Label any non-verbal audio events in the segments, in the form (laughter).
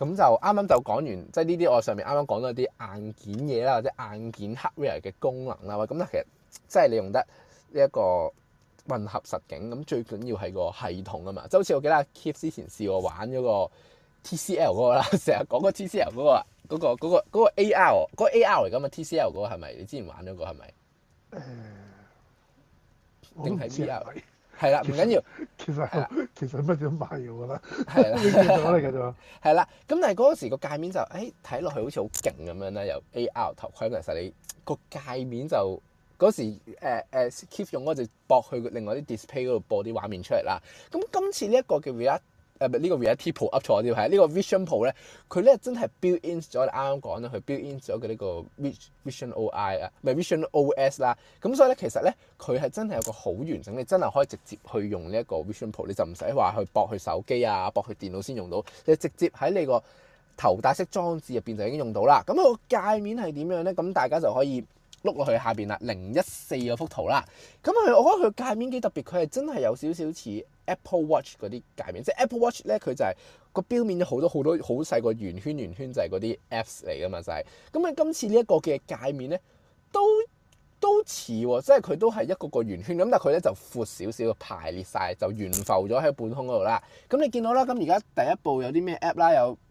咁就啱啱就講完，即係呢啲我上面啱啱講到一啲硬件嘢啦，或者硬件 hardware 嘅功能啦，咁咧其實即係你用得呢一個混合實景，咁最緊要係個系統啊嘛，就好似我記得 Kip 之前試過玩咗個 TCL 嗰個啦，成日講個 TCL 嗰個嗰個嗰個嗰個 AR 嗰個 AR 嚟㗎嘛，TCL 嗰個係咪？是是你之前玩咗個係咪？誒，定係 VR？係啦，唔緊要。其實係，其實乜都賣完㗎啦，見到、欸、你㗎啫嘛。係啦，咁但係嗰時個界面就，誒睇落去好似好勁咁樣咧。由 AR 頭盔，其實你個界面就嗰時，誒誒 keep 用嗰隻駁去另外啲 display 嗰度播啲畫面出嚟啦。咁今次呢、這、一個叫 Reality 誒唔係呢，呢剛剛個 Reality Pro 噏錯咗啲，係呢個 Vision Pro 咧，佢咧真係 build in 咗你啱啱講咧，佢 build in 咗嘅呢個 Vi Vision O I 啊，唔係 Vision O S 啦。咁所以咧，其實咧，佢係真係有個好完整，你真係可以直接去用呢一個 Vision Pro，你就唔使話去駁去手機啊，駁去電腦先用到，你直接喺你個頭戴式裝置入邊就已經用到啦。咁個界面係點樣咧？咁大家就可以碌落去下邊啦，零一四嗰幅圖啦。咁佢，我覺得佢界面幾特別，佢係真係有少少似。Apple Watch 嗰啲界面，即係 Apple Watch 咧，佢就係個錶面好多好多好細個圓圈，圓圈就係嗰啲 Apps 嚟㗎嘛，就係咁啊。今次這呢一個嘅界面咧，都都似喎、哦，即係佢都係一個個圓圈咁，但係佢咧就闊少少，排列晒，就懸浮咗喺半空嗰度啦。咁你見到啦，咁而家第一步有啲咩 App 啦，有。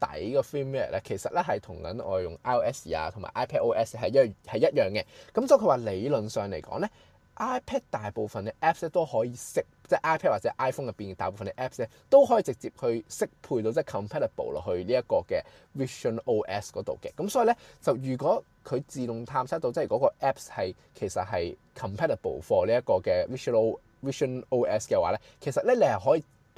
底個 framework 咧，其實咧係同緊我用 iOS 啊，同埋 iPadOS 係一係一樣嘅。咁所以佢話理論上嚟講咧，iPad 大部分嘅 apps 咧都可以適，即係 iPad 或者 iPhone 入邊大部分嘅 apps 咧，都可以直接去適配到即係 compatible 落去呢一個嘅 VisionOS 度嘅。咁所以咧，就如果佢自動探測到即係嗰個 apps 係其實係 compatible for 呢一個嘅 Vision VisionOS 嘅話咧，其實咧你係可以。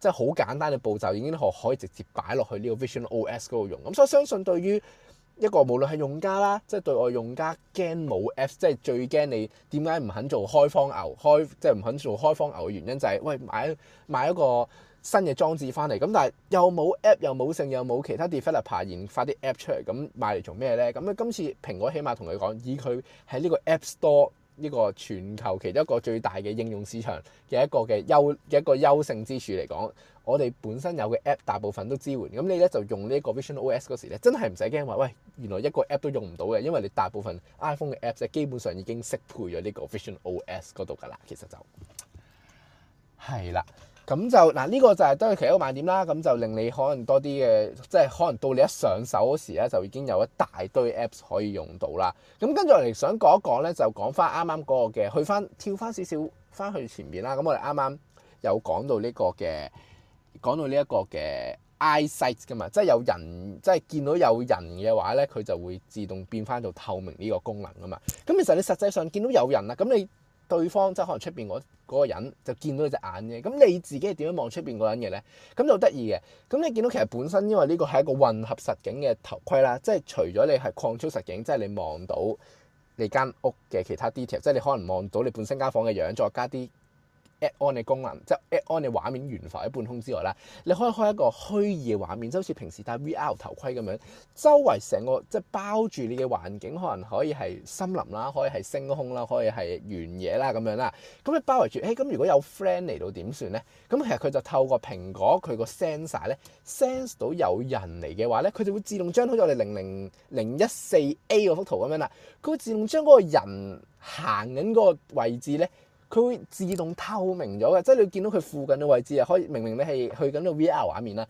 即係好簡單嘅步驟，已經可可以直接擺落去呢個 Vision OS 度用。咁所以相信對於一個無論係用家啦，即係對外用家驚冇 app，即係最驚你點解唔肯做開荒牛？開即係唔肯做開荒牛嘅原因就係、是，喂買買一個新嘅裝置翻嚟，咁但係又冇 app，又冇剩，又冇其他 developer 研發啲 app 出嚟，咁買嚟做咩呢？咁啊今次蘋果起碼同佢講，以佢喺呢個 App Store 呢個全球其中一個最大嘅應用市場嘅一個嘅優嘅一個優勝之處嚟講，我哋本身有嘅 App 大部分都支援，咁你咧就用呢個 Vision OS 嗰時咧，真係唔使驚話，喂，原來一個 App 都用唔到嘅，因為你大部分 iPhone 嘅 Apps 基本上已經適配咗呢個 Vision OS 嗰度噶啦，其實就係啦。咁就嗱呢、啊呢個就係都係其中一個賣點啦，咁就令你可能多啲嘅，即係可能到你一上手嗰時咧，就已經有一大堆 Apps 可以用到啦。咁跟住我哋想講一講咧，就講翻啱啱嗰個嘅，去翻跳翻少少翻去前面啦。咁我哋啱啱有講到呢個嘅，講到呢一個嘅 EyeSight 噶嘛，即係有人即係見到有人嘅話咧，佢就會自動變翻做透明呢個功能噶嘛。咁其實你實際上見到有人啦，咁你。對方即係可能出邊嗰個人就見到你隻眼嘅，咁你自己係點樣望出邊嗰人嘅咧？咁就得意嘅。咁你見到其實本身因為呢個係一個混合實景嘅頭盔啦，即係除咗你係擴充實景，即係你望到你間屋嘅其他 detail，即係你可能望到你本身間房嘅樣，再加啲。At on 嘅功能，即係 At on 嘅畫面懸浮喺半空之外啦，你可以開一個虛擬嘅畫面，即好似平時戴 VR 頭盔咁樣，周圍成個即係包住你嘅環境，可能可以係森林啦，可以係星空啦，可以係原野啦咁樣啦。咁你包圍住，誒咁如果有 friend 嚟到點算咧？咁其實佢就透過蘋果佢個 sensor 咧，sense 到有人嚟嘅話咧，佢就會自動將好似我哋零零零一四 A 嗰幅圖咁樣啦，佢會自動將嗰個人行緊嗰個位置咧。佢會自動透明咗嘅，即係你會見到佢附近嘅位置啊，可以明明你係去緊個 VR 畫面啦，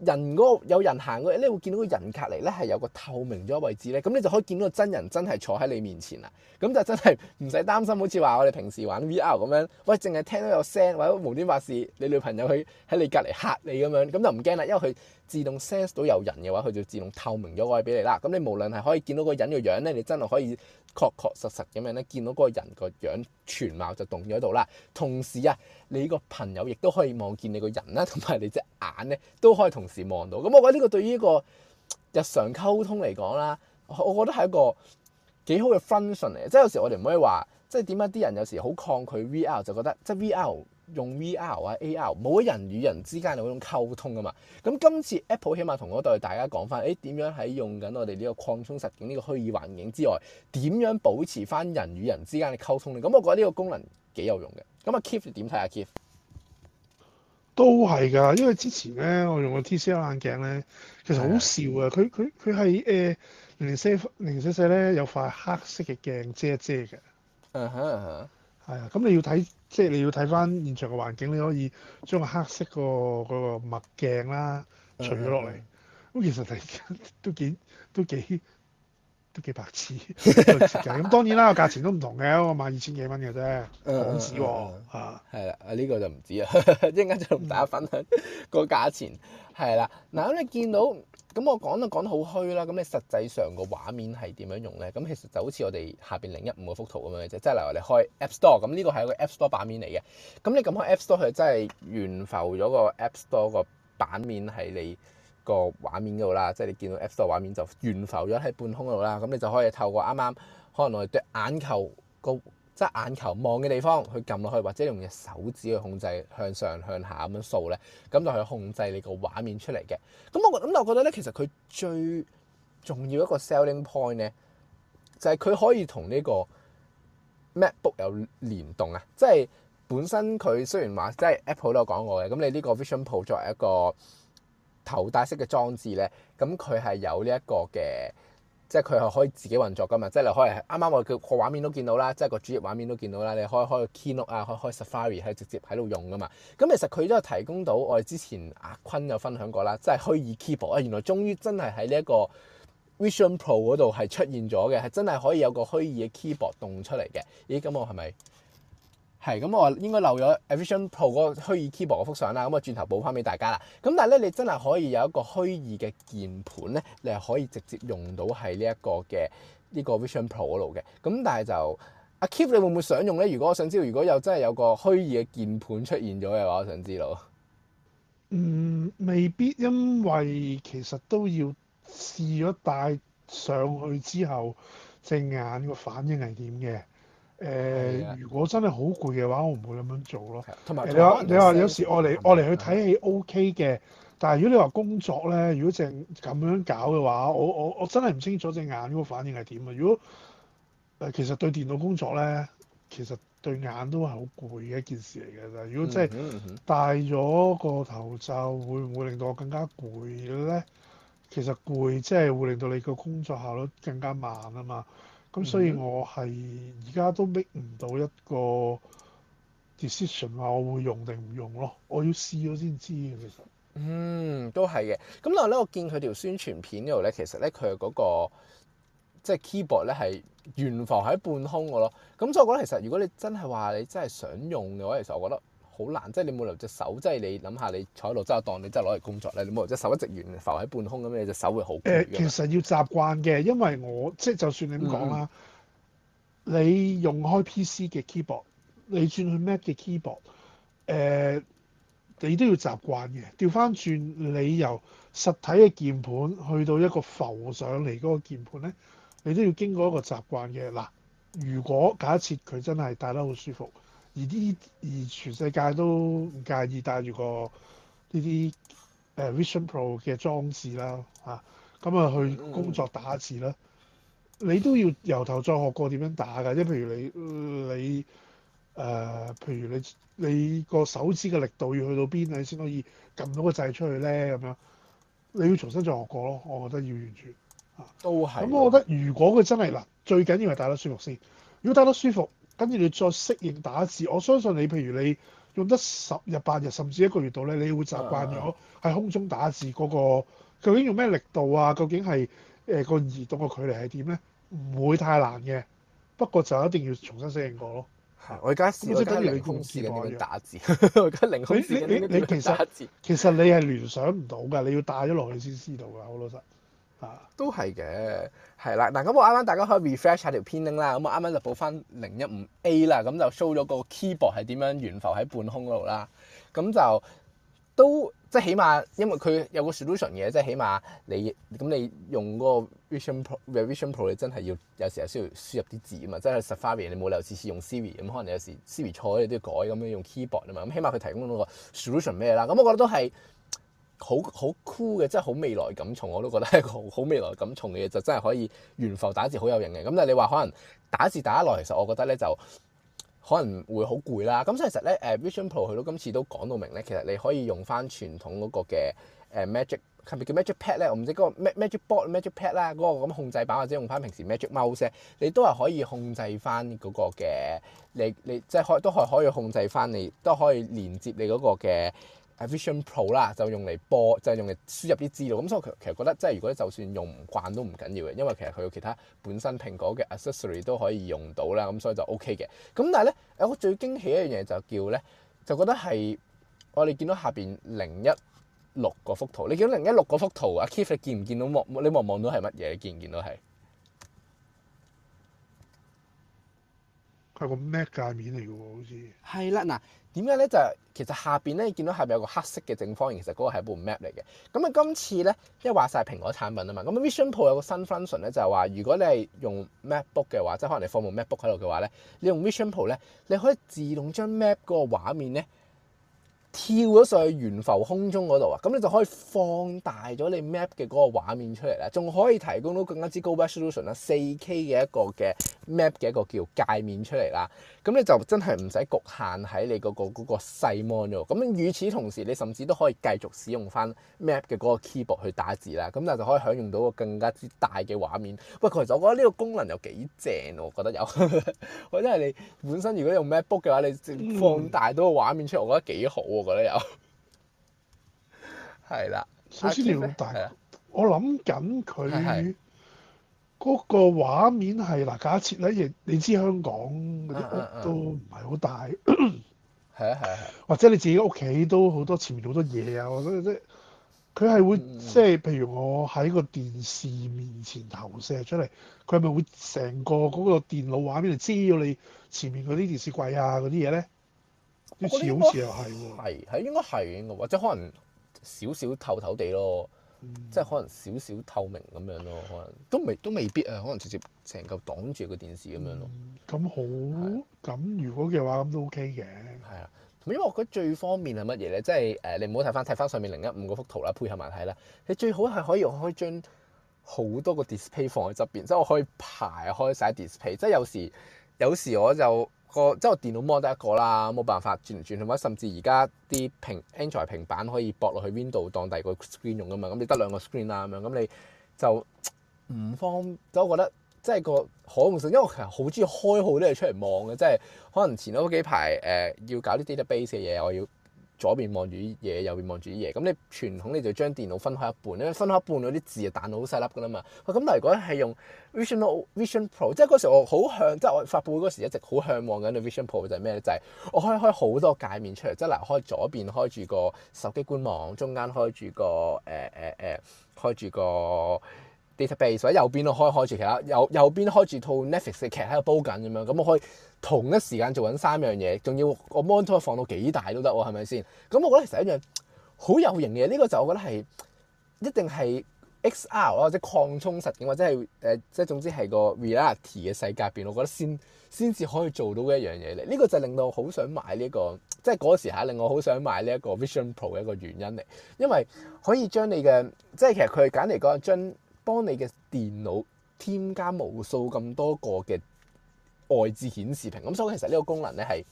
人嗰有人行過，你會見到個人隔離咧係有個透明咗位置咧，咁你就可以見到真人真係坐喺你面前啦，咁就真係唔使擔心，好似話我哋平時玩 VR 咁樣，喂，淨係聽到有聲或者無端白事，你女朋友去喺你隔離嚇你咁樣，咁就唔驚啦，因為佢。自動 sense 到有人嘅話，佢就自動透明咗位俾你啦。咁你無論係可以見到個人嘅樣咧，你真係可以確確實實咁樣咧見到嗰個人個樣、全貌就動咗喺度啦。同時啊，你個朋友亦都可以望見你個人啦，同埋你隻眼咧都可以同時望到。咁我覺得呢個對於呢個日常溝通嚟講啦，我覺得係一個幾好嘅 function 嚟。即係有時我哋唔可以話，即係點解啲人有時好抗拒 VR 就覺得即係 VR。用 VR 啊 AR 冇咗人與人之間嘅嗰種溝通㗎嘛，咁今次 Apple 起碼同我對大家講翻，誒，點樣喺用緊我哋呢個擴充實境呢個虛擬環境之外，點樣保持翻人與人之間嘅溝通咧？咁我覺得呢個功能幾有用嘅。咁啊，Keith 你點睇啊 Keith？都係㗎，因為之前咧我用個 TCL 眼鏡咧，其實好笑啊，佢佢佢係誒，零零四零零四咧有塊黑色嘅鏡遮遮嘅。嗯哼。係啊，咁、哎、你要睇，即係你要睇翻現場嘅環境，你可以將個黑色個個墨鏡啦除咗落嚟。咁、嗯嗯、其實都幾都幾都幾白痴咁、 (laughs) 嗯。當然啦，價錢都唔同嘅，我買二千幾蚊嘅啫，港紙喎、啊。係啦、嗯，啊呢、呢個就唔止啦，一陣間 (laughs) 就同大家分享個價錢。係啦，嗱咁你見到。咁我講都講得好虛啦，咁你實際上個畫面係點樣用咧？咁其實就好似我哋下邊零一五幅圖咁樣啫，即係例如我哋開 App Store，咁呢個係一個 App Store 版面嚟嘅。咁你咁開 App Store，佢真係懸浮咗個 App Store 個版面喺你個畫面嗰度啦，即係你見到 App Store 畫面就懸浮咗喺半空度啦。咁你就可以透過啱啱可能我哋對眼球個。即係眼球望嘅地方去撳落去，或者你用隻手指去控制向上向下咁樣掃咧，咁就去控制你個畫面出嚟嘅。咁我咁又覺得咧，其實佢最重要一個 selling point 咧，就係佢可以同呢個 MacBook 有連動啊！即係本身佢雖然話即係 Apple 都有講過嘅，咁你呢個 Vision Pro 作為一個頭戴式嘅裝置咧，咁佢係有呢一個嘅。即係佢係可以自己運作㗎嘛，即係你可以啱啱我個畫面都見到啦，即係個主頁畫面都見到啦，你可以開 Keynote 啊，開開 Safari 係直接喺度用㗎嘛。咁其實佢都有提供到我哋之前阿坤有分享過啦，即係虛擬鍵盤啊，原來終於真係喺呢一個 Vision Pro 嗰度係出現咗嘅，係真係可以有個虛擬嘅 Keyboard 動出嚟嘅。咦，咁我係咪？係咁，我應該漏咗 Vision Pro 個虛擬 Keyboard 幅相啦，咁我轉頭補翻俾大家啦。咁但係咧，你真係可以有一個虛擬嘅鍵盤咧，你係可以直接用到係呢一個嘅呢個 Vision Pro 度嘅。咁但係就阿 Keep，你會唔會想用咧？如果我想知道，如果有真係有個虛擬嘅鍵盤出現咗嘅話，我想知道。嗯，未必，因為其實都要試咗戴上去之後，隻眼個反應係點嘅。誒，呃、Yeah. 如果真係好攰嘅話，我唔會咁樣做咯。同埋你話，你話有時我嚟我嚟去睇戲 O K 嘅，的但係如果你話工作咧，如果淨咁樣搞嘅話，我我我真係唔清楚隻眼嗰個反應係點啊。如果誒、呃，其實對電腦工作咧，其實對眼都係好攰嘅一件事嚟嘅啫。如果即係戴咗個頭罩，會唔會令到我更加攰咧？其實攰即係會令到你個工作效率更加慢啊嘛。咁所以，嗯嗯、我係而家都搣唔到一個 decision 啊！我會用定唔用咯？我要試咗先知。其實嗯，都係嘅。咁但係咧，我見佢條宣傳片呢度咧，其實咧佢嘅嗰個即係 keyboard 咧係懸浮喺半空嘅咯。咁所以我覺得其實，如果你真係話你真係想用嘅話，其實我覺得。好難，即係你冇留隻手，即係你諗下，你坐喺度真係當你真係攞嚟工作咧，你冇留隻手一直懸浮喺半空，咁你隻手會好、呃、其實要習慣嘅，因為我即係就算你咁講啦，嗯、你用開 PC 嘅 keyboard，你轉去 Mac 嘅 keyboard，誒、呃，你都要習慣嘅。調翻轉你由實體嘅鍵盤去到一個浮上嚟嗰個鍵盤咧，你都要經過一個習慣嘅。嗱，如果假設佢真係戴得好舒服。而啲而全世界都唔介意戴住個呢啲誒 Vision Pro 嘅裝置啦，嚇咁啊去工作打字啦，你都要由頭再學過點樣打㗎？即係譬如你你誒、呃、譬如你你個手指嘅力度要去到邊你先可以撳到個掣出去咧咁樣，你要重新再學過咯。我覺得要完全嚇、啊、都係。咁我覺得如果佢真係嗱，最緊要係戴得舒服先。如果戴得舒服，跟住你再適應打字，我相信你。譬如你用得十日、八日，甚至一個月度咧，你會習慣咗喺空中打字嗰、嗰個究竟用咩力度啊？究竟係誒個移動嘅距離係點咧？唔會太難嘅，不過就一定要重新適應過咯。係，我而家試我即係跟住你公司嘅打字。我而家凌空你，你其實實其實你係聯想唔到㗎，你要帶咗落去先知道㗎，好老實。都係嘅，係啦，嗱，咁我啱啱大家可以 refresh 下條 pinned link 啦，咁我啱啱就補翻零一五 A 啦，咁就 show 咗個 keyboard 係點樣懸浮喺半空嗰度啦，咁就都即係起碼，因為佢有個 solution 嘅，即係起碼你咁你用嗰個 vision pro，vision pro 咧真係要有時候需要輸入啲字啊嘛，即係 Safari 你冇理由次次用 Siri，咁可能有時 Siri 錯咗你都要改，咁樣用 keyboard 啊嘛，咁起碼佢提供到個 solution 咩啦，咁我覺得都係。好好酷嘅，即係好未來感重。從我都覺得係一個好未來感重，從嘅嘢就真係可以懸浮打字，好有型嘅。咁但係你話可能打字打得耐，其實我覺得咧就可能會好攰啦。咁所以其實咧，誒 Vision Pro 去到今次都講到明咧，其實你可以用翻傳統嗰個嘅誒 Magic，係咪叫 Magic Pad 咧，我唔知嗰、那個 Magic Board Magic Pad 啦，嗰、那個咁控制板，或者用翻平時 Magic Mouse，你都係可以控制翻嗰個嘅，你你即係、就是、都係可以控制翻，你都可以連接你嗰個嘅。Vision Pro 啦，就用嚟播，就係用嚟輸入啲資料。咁所以我其實其實覺得，即係如果就算用唔慣都唔緊要嘅，因為其實佢有其他本身蘋果嘅 accessory 都可以用到啦，咁所以就 OK 嘅。咁但係咧，有個最驚喜一樣嘢就叫、是、咧，就覺得係我哋見到下邊零一六嗰幅圖，你見到零一六嗰幅圖，阿 Keith 你見唔見到望你望望到係乜嘢？見唔見到係？係個 Mac 介面嚟嘅喎，好似係啦。嗱，點解咧？就係、是、其實下邊咧，你見到下邊有個黑色嘅正方形，其實嗰個係一部 Mac 嚟嘅。咁啊，今次咧，因為話晒蘋果產品啊嘛，咁 Vision Pro 有個新 function 咧，就係話如果你係用 MacBook 嘅話，即係可能你放部 MacBook 喺度嘅話咧，你用 Vision Pro 咧，你可以自動將 Mac 嗰個畫面咧，跳咗上去懸浮空中嗰度啊，咁你就可以放大咗你 map 嘅嗰個畫面出嚟啦，仲可以提供到更加之高 resolution 啦，四 k 嘅一個嘅 map 嘅一個叫界面出嚟啦。咁你就真係唔使局限喺你嗰個嗰個細 mon 咗。咁與此同時你甚至都可以繼續使用翻 map 嘅嗰個 keyboard 去打字啦。咁但係就可以享用到個更加之大嘅畫面。喂，其實我覺得呢個功能又幾正，我覺得有。 (laughs) 或者係你本身如果用 MacBook 嘅話，你放大到個畫面出嚟，我覺得幾好啊。有 (laughs) 了，係啦。首先，你好大，I 的我諗緊佢嗰個畫面係嗱，的假設咧，亦你知香港嗰啲屋都唔係好大，係啊係啊， (coughs) 或者你自己屋企都好多前面好多嘢啊，即係佢係會即係、嗯、譬如我喺個電視面前投射出嚟，佢係咪會成個嗰個電腦畫面遮咗你前面嗰啲電視櫃啊嗰啲嘢咧？好似又係喎，係係應該係應該，應該或者可能少少透透地咯，嗯、即係可能少少透明咁樣咯，可能都未都未必啊，可能直接成嚿擋住個電視咁樣咯。咁、嗯、好，咁、啊、如果嘅話咁都 OK 嘅。係啊，因為我覺得最方便係乜嘢咧？即係誒，你唔好睇翻睇翻上面另一五嗰幅圖啦，配合埋睇啦。你最好係可以開將好多個 display 放喺側邊，即係我可以排開晒 display。即係有時有時我就。個即係我電腦 mon 得一個啦，冇辦法轉嚟轉去，或者甚至而家啲平 Android 平板可以駁落去 Windows 當第二個 screen 用㗎嘛，咁你得兩個 screen 啦咁樣，咁你就唔方便，所以我覺得即係個可用性，因為我其實好中意開好多嘢出嚟望嘅，即係可能前嗰幾排誒要搞啲 database 嘅嘢，我要。左邊望住啲嘢，右邊望住啲嘢。咁你傳統你就將電腦分開一半，因為分開一半嗰啲字就彈到好細粒噶啦嘛。咁但係，如果係用 Vision Pro，即係嗰時候我好向，即係我發佈嗰時一直好向往緊嘅 Vision Pro 就係咩咧？就係我可以開好多界面出嚟，即係嗱，開左邊開住個手機官網，中間開住個誒誒誒，開住個。電視機坐喺右邊都開開住其他右右邊開住套 Netflix 嘅劇喺度煲緊咁樣，咁我可以同一時間做緊三樣嘢，仲要個 monitor 放到幾大都得喎，係咪先？咁我覺得其實一樣好有型嘅，呢、這個就我覺得係一定係 XR 或者擴充實境或者係誒即係總之係個 Reality 嘅世界入邊，我覺得先先至可以做到嘅一樣嘢嚟。呢、這個就令到我好想買呢、這個，即係嗰時下令我好想買呢一個 Vision Pro 嘅一個原因嚟，因為可以將你嘅即係其實佢揀嚟講將。幫你嘅電腦添加無數咁多個嘅外置顯示屏，咁所以其實呢個功能咧係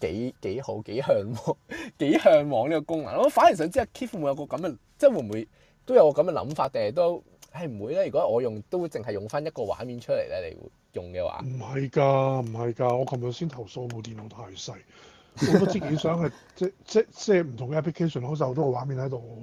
幾幾好幾嚮往，幾嚮往呢個功能。我反而想知啊，Keep 會唔會有個咁嘅，即係會唔會都有個咁嘅諗法定係都係唔會咧？如果我用都會淨係用翻一個畫面出嚟咧，你會用嘅話，唔係㗎，唔係㗎。我琴日先投訴部電腦太細，我都 (laughs) ation，好多資料想係即即即係唔同嘅 application，好似好多個畫面喺度，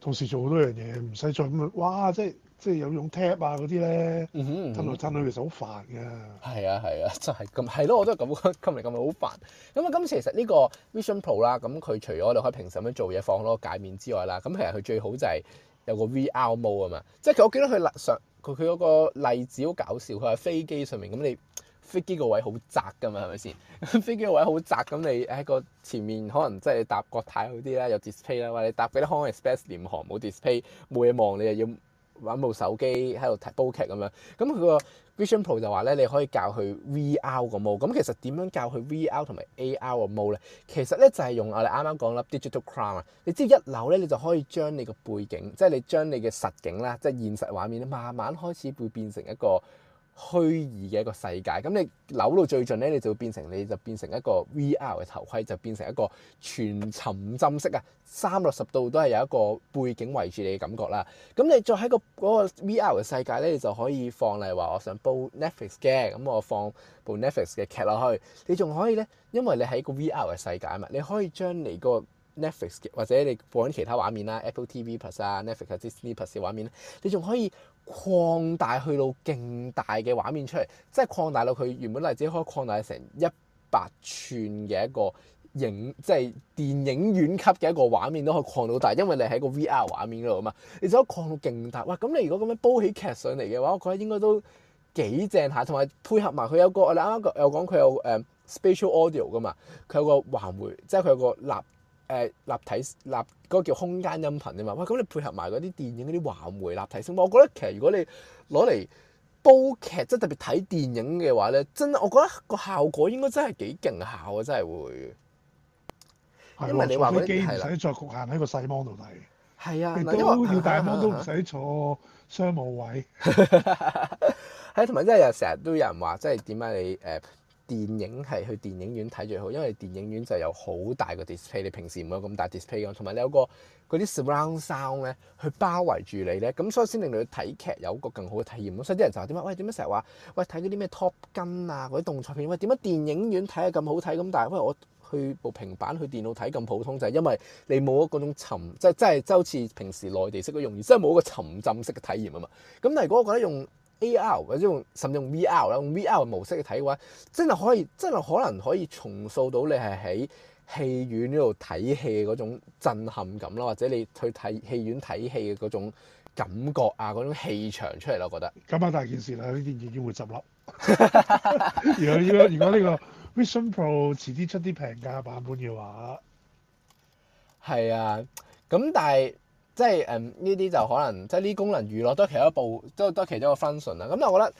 同時做好多樣嘢，唔使再咁啊！哇，即係～即係有用 tap 啊嗰啲咧，掄嚟掄去其實好煩㗎。係啊係啊，真係咁係咯，我都係咁講，撳嚟撳去好煩。咁啊，今次其實呢個 Vision Pro 啦，咁佢除咗我哋可以平時咁樣做嘢，放好多個界面之外啦，咁其實佢最好就係有個 VR mode 啊嘛。即係我記得佢上佢佢嗰個例子好搞笑，佢話飛機上面咁你飛機個位好窄㗎嘛，係咪先？飛機個位好窄， (laughs) 窄，咁你喺個前面可能即係搭國泰嗰啲啦，有 display 啦，或者你搭幾多空位 space 廉航冇 display 冇嘢望，你又要～玩部手機喺度睇煲劇咁樣，咁佢個 Vision Pro 就話咧，你可以教佢 VR 個模，咁其實點樣教佢 VR 同埋 AR 個模咧？其實咧就係用我哋啱啱講粒 Digital Crown 啊，你只要一扭咧，你就可以將你個背景，即係你將你嘅實景啦，即係現實畫面，慢慢開始會變成一個虛擬嘅一個世界，咁你扭到最盡呢，你就變成，你就變成一個 VR 嘅頭盔，就變成一個全沉浸式啊，三六十度都係有一個背景圍住你嘅感覺啦。咁你再喺個嗰個 VR 嘅世界呢，你就可以放，例如話我想煲 Netflix 嘅，咁我放部 Netflix 嘅劇落去，你仲可以呢，因為你喺個 VR 嘅世界嘛，你可以將你個 Netflix 或者你播緊其他畫面啦，Apple TV Plus 啊、Netflix、Disney Plus 嘅畫面咧，你仲可以擴大去到勁大嘅畫面出嚟，即係擴大到佢原本嚟自己可以擴大成一百寸嘅一個影，即係電影院級嘅一個畫面都可以擴到大，因為你喺個 VR 畫面度啊嘛，你就可以擴到勁大。哇！咁你如果咁樣煲起劇上嚟嘅話，我覺得應該都幾正下，同埋配合埋佢有個我哋啱啱有講佢有誒 spatial audio 噶嘛，佢有個環迴，即係佢有個立。誒立體立嗰個叫空間音頻啫嘛，喂，咁你配合埋嗰啲電影嗰啲華媒立體聲，我覺得其實如果你攞嚟煲劇，即係特別睇電影嘅話咧，真係我覺得個效果應該真係幾勁效喎，真係會。因為你話，你唔使再局限喺個細芒度睇。係啊了，你都要大芒都唔使坐商務位。係， (laughs) 同埋真係又成日都有人話，即係點解你誒？電影係去電影院睇最好，因為電影院就有好大個 display，你平時唔會有咁大 display 同埋你有個嗰啲 surround sound 咧去包圍住你咧，咁所以先令你去睇劇有一個更好嘅體驗。所以啲人就話點啊？喂，點解成日話喂睇嗰啲咩 Top Gun 啊嗰啲動作片？喂，點解電影院睇啊咁好睇？咁但係喂我去部平板去電腦睇咁普通，就係、是、因為你冇嗰種沉，即係即係就似、是就是、平時內地式嘅用意，即係冇個沉浸式嘅體驗啊嘛。咁但係如果我覺得用。A. R. 或者用甚至用 V. R. 啦，用 V. R. 模式去睇嘅話，真係可以，真係可能可以重塑到你係喺戲院呢度睇戲嗰種震撼感囉，或者你去睇戲院睇戲嘅嗰種感覺啊，嗰種氣場出嚟啦，我覺得。咁 (laughs) 啊，大件事啦，呢啲電影已經會執笠。如果如果呢個 Vision Pro 遲啲出啲平價版本嘅話，係啊。咁但係。即係誒呢啲就可能即係呢功能娛樂都係其中一部都都係其中一個 function 啦。咁但我覺得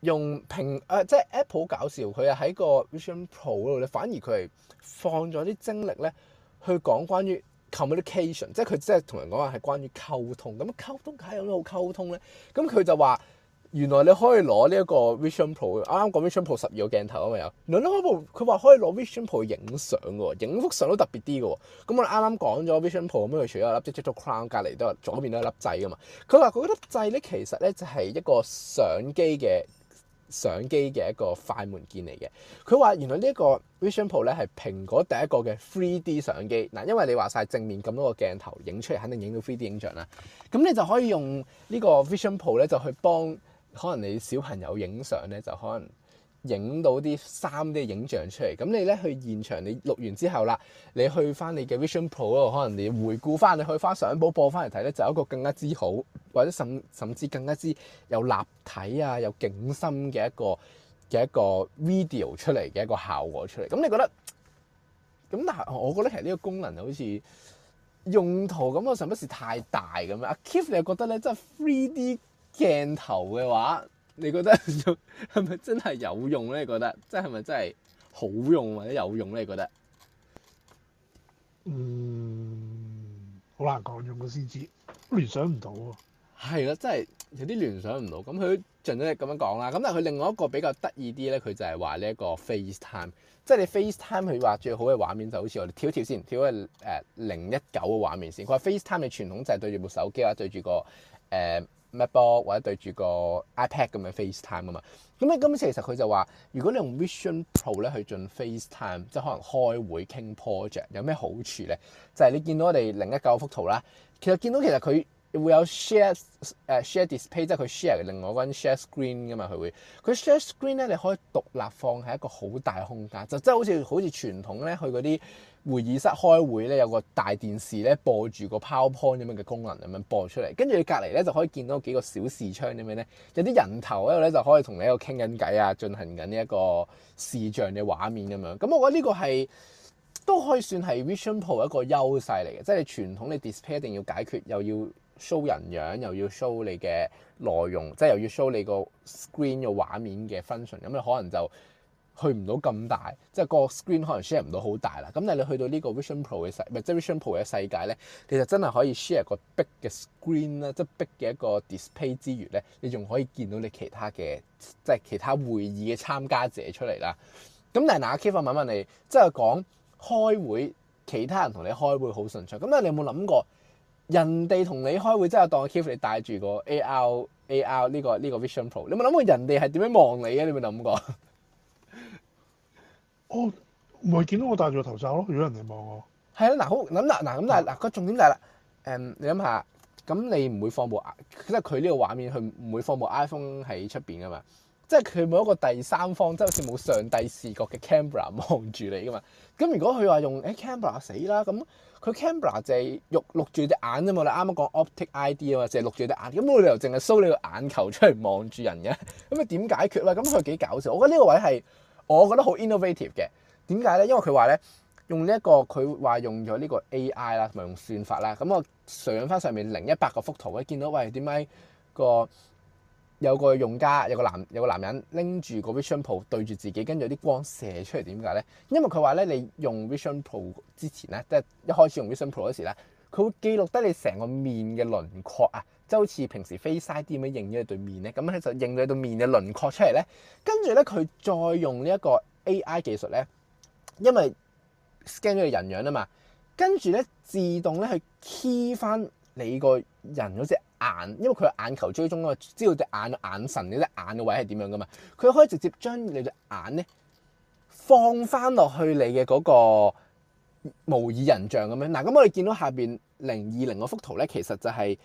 用平，誒、呃、即係 Apple 搞笑，佢係喺個 Vision Pro 度咧，反而佢係放咗啲精力咧去講關於 communication，即係佢即係同人講話係關於溝通。咁溝通梗係有咩好溝通咧？咁佢就話。原來你可以攞呢一個 Vision Pro，啱啱講 Vision Pro 十二個鏡頭咁嘛？有。另外一部佢話可以攞 Vision Pro 影相嘅，影幅相都特別啲嘅。咁我哋啱啱講咗 Vision Pro 咁佢除咗一粒 Digital Crown 隔離都有左邊都有一粒掣嘅嘛。佢話佢粒掣咧其實咧就係一個相機嘅相機嘅一個快門鍵嚟嘅。佢話原來呢一個 Vision Pro 咧係蘋果第一個嘅 3D 相機。嗱，因為你話晒正面咁多個鏡頭影出嚟，肯定影到 3D 影像啦。咁你就可以用呢個 Vision Pro 咧就去幫。可能你小朋友影相咧，就可能影到啲三 D 影像出嚟。咁你咧去現場，你錄完之後啦，你去翻你嘅 Vision Pro 度，可能你回顧翻，你去翻相簿播翻嚟睇咧，就有一個更加之好，或者甚甚至更加之有立體啊、有景深嘅一個嘅一個 video 出嚟嘅一個效果出嚟。咁你覺得？咁但係我覺得其實呢個功能好似用途咁，我是不是太大咁樣阿、啊、Kif 你又覺得咧，真係 3D 鏡頭嘅話，你覺得係咪真係有用咧？你覺得即係咪真係好用或者有用咧？你覺得，嗯，好難講，用咗先知，聯想唔到喎、啊。係咯，真係有啲聯想唔到。咁佢盡咗力咁樣講啦。咁但係佢另外一個比較得意啲咧，佢就係話呢一個 FaceTime，即係你 FaceTime 佢話最好嘅畫面就好似我哋跳一跳先，跳去誒零一九嘅畫面先。佢話 FaceTime 嘅傳統就係對住部手機啊，對住個誒。呃 MacBook 或者對住個 iPad 咁樣 FaceTime 啊嘛，咁你今次其實佢就話，如果你用 Vision Pro 咧去進 FaceTime，即係可能開會傾 project 有咩好處咧？就係你見到我哋另一舊幅圖啦，其實見到其實佢。會有 share 誒、uh, share display，即係佢 share 另外嗰啲 share screen 㗎嘛，佢會佢 share screen 咧，你可以獨立放喺一個好大空間，就真、是、係好似好似傳統咧，去嗰啲會議室開會咧，有個大電視咧播住個 PowerPoint 咁樣嘅功能咁樣播出嚟，跟住你隔離咧就可以見到幾個小視窗咁樣咧，有啲人頭喺度咧就可以同你喺度傾緊偈啊，進行緊呢一個視像嘅畫面咁樣。咁我覺得呢個係都可以算係 Vision Pro 一個優勢嚟嘅，即係你傳統你 display 一定要解決又要。show 人樣又要 show 你嘅內容，即係又要 show 你個 screen 嘅畫面嘅 function，咁你可能就去唔到咁大，即係個 screen 可能 share 唔到好大啦。咁但係你去到呢個 Vision Pro 嘅世，即係 Vision Pro 嘅世界咧，其實真係可以 share 個 big 嘅 screen 啦，即係 big 嘅一個 display 之餘咧，你仲可以見到你其他嘅，即係其他會議嘅參加者出嚟啦。咁但係嗱，Kevin 問問你，即係講開會，其他人同你開會好順暢，咁你有冇諗過？人哋同你開會，真係當 keep 你戴住個 AR AR 呢個呢個 Vision Pro，你冇諗過人哋係點樣望你啊？你咪諗過。哦，咪見到我戴住個頭罩咯，如果人哋望我。係啊，嗱好諗啦，嗱咁但係嗱嗱個重點就係啦，誒、um, 你諗下，咁你唔會放部即係佢呢個畫面，佢唔會放部 iPhone 喺出邊噶嘛。即係佢冇一個第三方，即係好似冇上帝視角嘅 camera 望住你噶嘛。咁如果佢話用誒、欸、camera 死啦，咁佢 camera 凈係錄錄住隻眼啫嘛。你啱啱講 Optic ID 啊嘛，凈係錄住隻眼。咁冇理由淨係 show 你個眼球出嚟望住人嘅。咁咪點解決咧？咁佢幾搞笑。我覺得呢個位係我覺得好 innovative 嘅。點解咧？因為佢話咧用呢、這、一個，佢話用咗呢個 AI 啦，同埋用算法啦。咁我上翻上面零一百個幅圖，一見到喂，點解、這個？有個用家，有個男有個男人拎住個 Vision Pro 對住自己，跟住有啲光射出嚟，點解咧？因為佢話咧，你用 Vision Pro 之前咧，即係一開始用 Vision Pro 嗰時咧，佢會記錄得你成個面嘅輪廓啊，即好似平時 Face ID 啲咁樣認咗你對面咧，咁咧就認咗你對面嘅輪廓出嚟咧。跟住咧，佢再用呢一個 AI 技術咧，因為 scan 咗個人樣啊嘛，跟住咧自動咧去 key 翻。你個人嗰隻眼，因為佢係眼球追蹤啊，知道隻眼眼神，你隻眼嘅位係點樣噶嘛，佢可以直接將你隻眼咧放翻落去你嘅嗰個模擬人像咁樣。嗱，咁我哋見到下邊零二零嗰幅圖咧，其實就係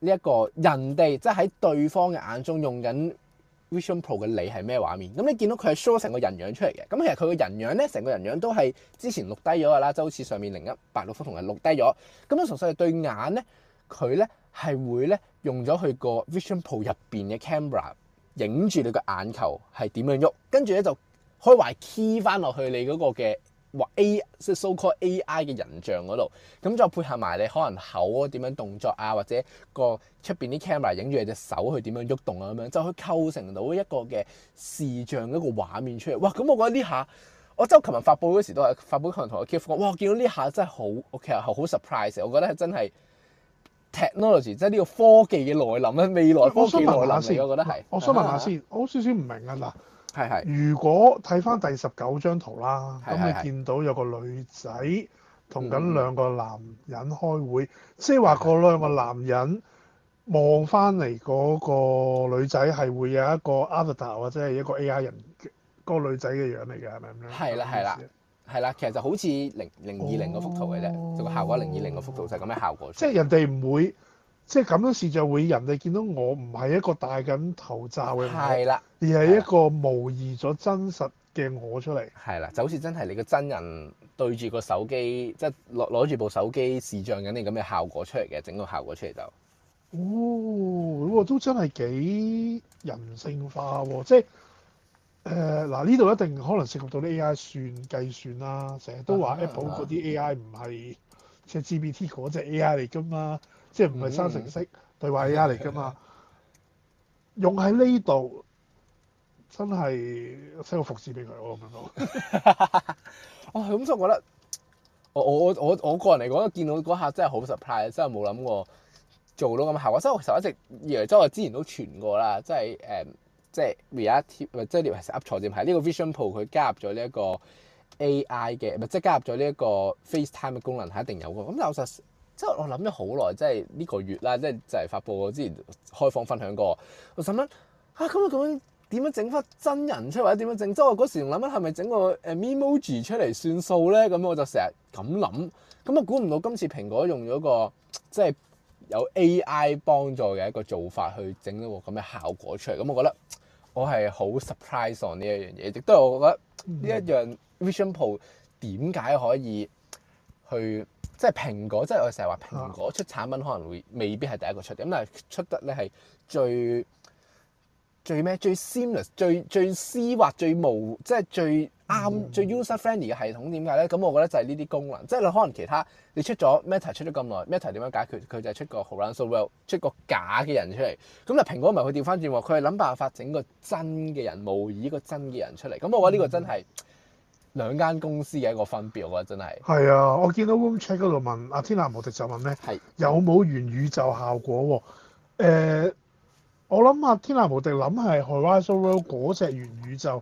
呢一個人哋即係喺對方嘅眼中用緊 Vision Pro 嘅你係咩畫面？咁你見到佢係 show 成個人樣出嚟嘅，咁其實佢個人樣咧，成個人樣都係之前錄低咗噶啦，就好似上面另一白老福同人錄低咗。咁啊，純粹係對眼咧，佢咧係會咧用咗佢個 Vision Pro 入邊嘅 camera 影住你個眼球係點樣喐，跟住咧就開懷 key 翻落去你嗰個嘅。或 A 即係 so-called AI 嘅，so、人像嗰度，咁再配合埋你可能口點樣動作啊，或者個出邊啲 camera 影住你隻手去點樣喐動啊，咁樣就可以構成到一個嘅視像一個畫面出嚟。哇！咁我覺得呢下，我周琴日發布嗰時都係發布，琴日同阿 Kiko 講，哇！見到呢下真係好，其實係好 surprise。我覺得真係 technology，即係呢個科技嘅來臨咧。未來科技來臨先，我，我覺得係。 (laughs) 我想問下先，我好少少唔明啊嗱。係係，係係如果睇翻第十九張圖啦，咁你見到有個女仔同緊兩個男人開會，嗯、即係話個兩個男人望翻嚟嗰個女仔係會有一個 avatar 或者係一個 AI 人個女仔嘅樣嚟嘅。係咪咁樣？係啦係啦，係啦，其實就好似零零二零嗰幅圖嘅啫，哦、就個效果零二零嗰幅圖就係咁嘅效果，即係人哋唔會。即係咁樣視像會，人哋見到我唔係一個戴緊頭罩嘅我，係啦，而係一個模擬咗真實嘅我出嚟。係啦，就好似真係你個真人對住個手機，即係攞攞住部手機視像緊你咁嘅效果出嚟嘅，整個效果出嚟就，哦，都真係幾人性化喎！即係誒嗱，呢、呃、度一定可能涉及到啲 AI 算計算啦。成日都話 Apple 嗰啲 AI 唔係即係 GPT 嗰隻 AI 嚟㗎嘛。即係唔係生成式、mm hmm. 對話 AI 嚟㗎嘛？Okay. 用喺呢度真係寫個服字俾佢，我唔明喎。哇、 (laughs) 哦！咁所以覺得我我我我個人嚟講，見到嗰下真係好 surprise，真係冇諗過做到咁嘅效果。所以我，我，我，我，我，我，我其實我一直以為，即係我之前都傳過啦，即係誒、嗯，即係 reactive，唔係即係 lift up 錯，唔呢、呢個 Vision Pro 佢加入咗呢一個 AI 嘅，唔即係加入咗呢一個 FaceTime 嘅功能係一定有嘅。咁老實。即係我諗咗好耐，即係呢個月啦，即係就係發布。我之前開放分享過，我想問，咁啊究竟點樣整翻真人出，或者點樣整即係我嗰時仲諗緊，係咪整個誒 Memoji 出嚟算數咧？咁我就成日咁諗，咁啊，估唔到今次蘋果用咗個即係有 AI 幫助嘅一個做法去整咗個咁嘅效果出嚟。咁我覺得我係好 surprise on 呢一樣嘢，亦都係我覺得呢一樣 Vision Pro 點解可以去。即係蘋果，即係我成日話蘋果出產品可能會未必係第一個出點，咁但係出得咧係最最咩？最 seamless、最 seamless, 最,最絲滑、最無即係最啱、嗯、最 user friendly 嘅系統點解咧？咁我覺得就係呢啲功能。即係你可能其他你出咗 Meta 出咗咁耐，Meta 點樣解決？佢就係出個 Horizon So Well 出個假嘅人出嚟。咁但係蘋果唔係佢調返轉喎，佢係諗辦法整個真嘅人模擬個真嘅人出嚟。咁我覺得呢個真係。嗯兩間公司嘅一個分別，我真係。係啊，我見到 Room Chat 嗰度問阿天下無敵就問咧，是有冇元宇宙效果喎、呃？我諗啊，天下無敵諗係 Horizon World 嗰隻元宇宙，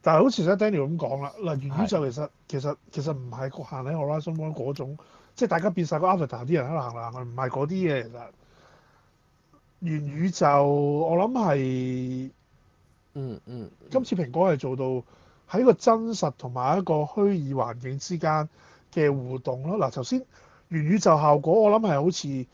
但係好似咧 Daniel 咁講啦，嗱，元宇宙其實其實其實唔係局限喺 Horizon World 嗰種，是即係大家變晒個 Avatar 啲人喺度行嚟行去，唔係嗰啲嘢其實。元宇宙我諗係、嗯，嗯嗯，今次蘋果係做到。喺個真實同埋一個虛擬環境之間嘅互動咯。嗱、啊，頭先元宇宙效果我，我諗係好似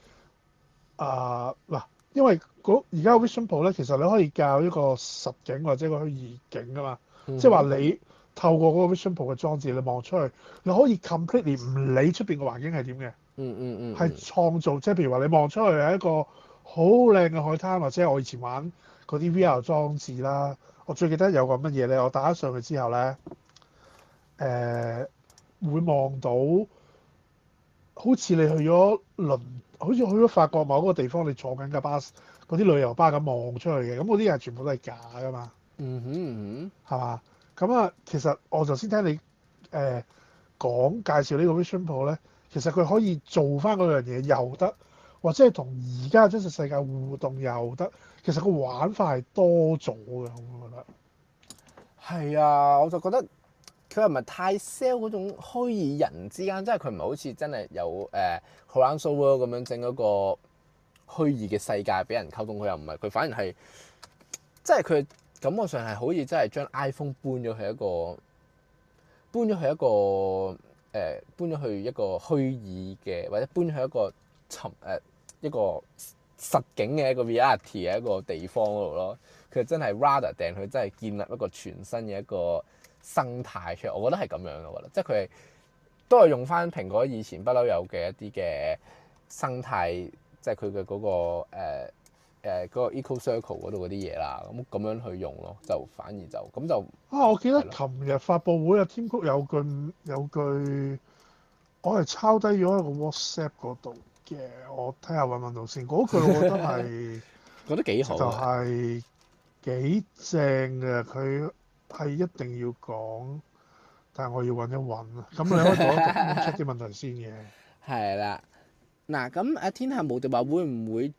啊嗱，因為而家 Vision Pro 咧，其實你可以教一個實景或者一個虛擬景㗎嘛。即係話你透過嗰 Vision Pro 嘅裝置，你望出去，你可以 completely 唔理出面嘅環境係點嘅。嗯嗯嗯。係、hmm. 創造，即係譬如話你望出去係一個好靚嘅海灘，或者我以前玩。嗰啲 VR 裝置啦，我最記得有個乜嘢咧？我打上去之後咧，誒、欸、會望到好似你去咗倫，好似去咗法國某一個地方，你坐緊架巴士，嗰啲旅遊巴咁望出去嘅，咁嗰啲人全部都係假㗎嘛。嗯哼，嗯，係嘛？咁、hmm. 啊、欸，其實我頭先聽你誒講介紹呢個 Vision Pro 咧，其實佢可以做翻嗰樣嘢又得。或者係同而家真實世界互動又得，其實個玩法係多咗嘅。我覺得係啊，我就覺得佢係唔係太 sell 嗰種虛擬人之間？即係佢唔係好似真係有誒 Horizon World 咁樣整一個虛擬嘅世界俾人溝通。佢又唔係佢，反而係即係佢感覺上係好似真係將 iPhone 搬咗去一個搬咗去一個誒、呃，搬咗去一個虛擬嘅，或者搬去一個。尋誒一個實景嘅一個 reality 嘅一個地方度咯。佢真係 rather than 佢真係建立一個全新嘅一個生態。其實我覺得係咁樣嘅，我覺得即係佢都係用翻蘋果以前不嬲有嘅一啲嘅生態，即係佢嘅嗰個誒誒嗰個 ecosystem 度嗰啲嘢啦。咁、uh, 咁、uh, 樣去用咯，就反而就咁就啊！我記得琴日發布會啊，Tim Cook (noise) 有句有句，我係抄低咗喺個 WhatsApp 度。Yeah, 我睇下揾唔揾到先。嗰句我覺得係， (laughs) 覺得幾好，就係幾正嘅。佢係一定要講，但係我要揾一揾。咁你開左出啲問題先嘅。係啦， (laughs) 嗱，咁阿天下無敵話會唔會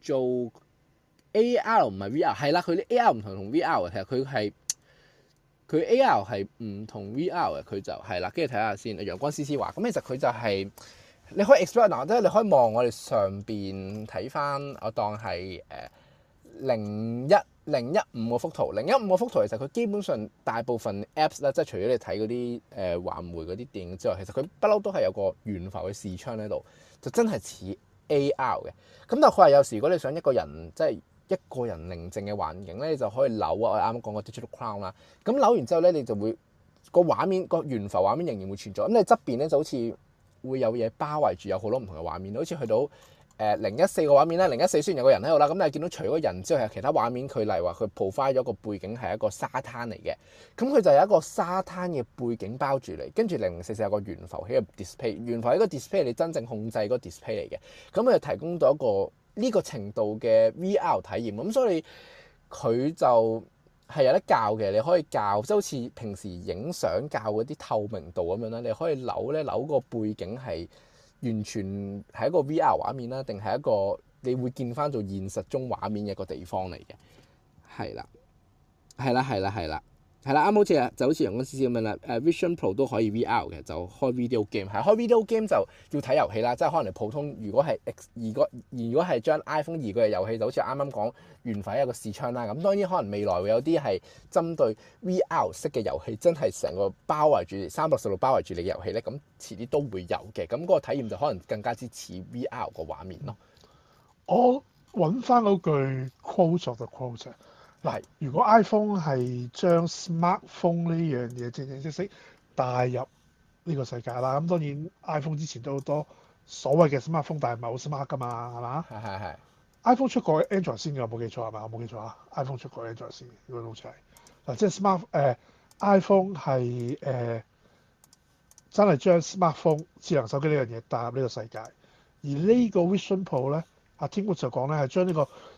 做 AR 唔係 VR？係啦，佢啲 AR 唔同 VR, AR 同 VR 嘅，其實佢係佢 AR 係唔同 VR 嘅，佢就係啦。跟住睇下先。陽光 CC 話，咁其實佢就係、是。你可以 explore 嗱，即係你可以望我哋上邊睇翻，我當係誒零一零一五嗰幅圖，零一五嗰幅圖其實佢基本上大部分 apps 咧，即係除咗你睇嗰啲誒環迴嗰啲電影之外，其實佢不嬲都係有個懸浮嘅視窗喺度，就真係似 AR 嘅。咁但係佢話有時如果你想一個人即係、即係、一個人寧靜嘅環境咧，你就可以扭啊！我啱啱講個 digital crown 啦，咁扭完之後咧，你就會、嗰個畫面、嗰個懸浮畫面仍然會存在。咁你側邊咧就好似～會有嘢包圍住，有好多唔同嘅畫面，好似去到誒零一四個畫面咧，零一四雖然有個人喺度啦，咁你見到除咗人之外，有其他畫面。佢例如話佢破咗個背景係一個沙灘嚟嘅，咁佢就有一個沙灘嘅背景包住你，跟住零零四四有個懸浮起個 display，懸浮喺個 display 你真正控制個 display 嚟嘅，咁佢就提供咗一個呢個程度嘅 VR 體驗。咁所以佢就。係有得教嘅，你可以教，即係好似平時影相教嗰啲透明度咁樣啦。你可以扭咧扭個背景係完全係一個 VR 畫面啦，定係一個你會見翻做現實中畫面嘅一個地方嚟嘅？係啦，係啦，係啦，係啦。係啦，啱好似啊，就好似楊工先咁樣啦。誒，Vision Pro 都可以 VR 嘅，就開 video game，係開 video game 就要睇遊戲啦。即係可能你普通，如果係二個，如果係將 iPhone 二嘅遊戲，就好似啱啱講原塊一個視窗啦。咁當然可能未來會有啲係針對 VR 式嘅遊戲，真係成個包圍住三百六十度包圍住你嘅遊戲咧。咁遲啲都會有嘅。咁、那、嗰個體驗就可能更加之似 VR 個畫面咯。我揾翻嗰句 c l o c r 嗱，如果 iPhone 係將 smartphone 呢樣嘢正正式式帶入呢個世界啦，咁當然 iPhone 之前都好多所謂嘅 smartphone，但係唔係好 smart 㗎嘛，係嘛？係係係。iPhone 出過 Android 先嘅，冇記錯係咪？我冇記錯啊。iPhone 出過 Android 先，如果冇錯。嗱、呃，即係 smart 誒 iPhone 係誒、呃、真係將 smartphone 智能手機呢樣嘢帶入呢個世界，而個呢、啊呢個 Vision Pro 咧，阿 Tim Cook 就講咧係將呢個，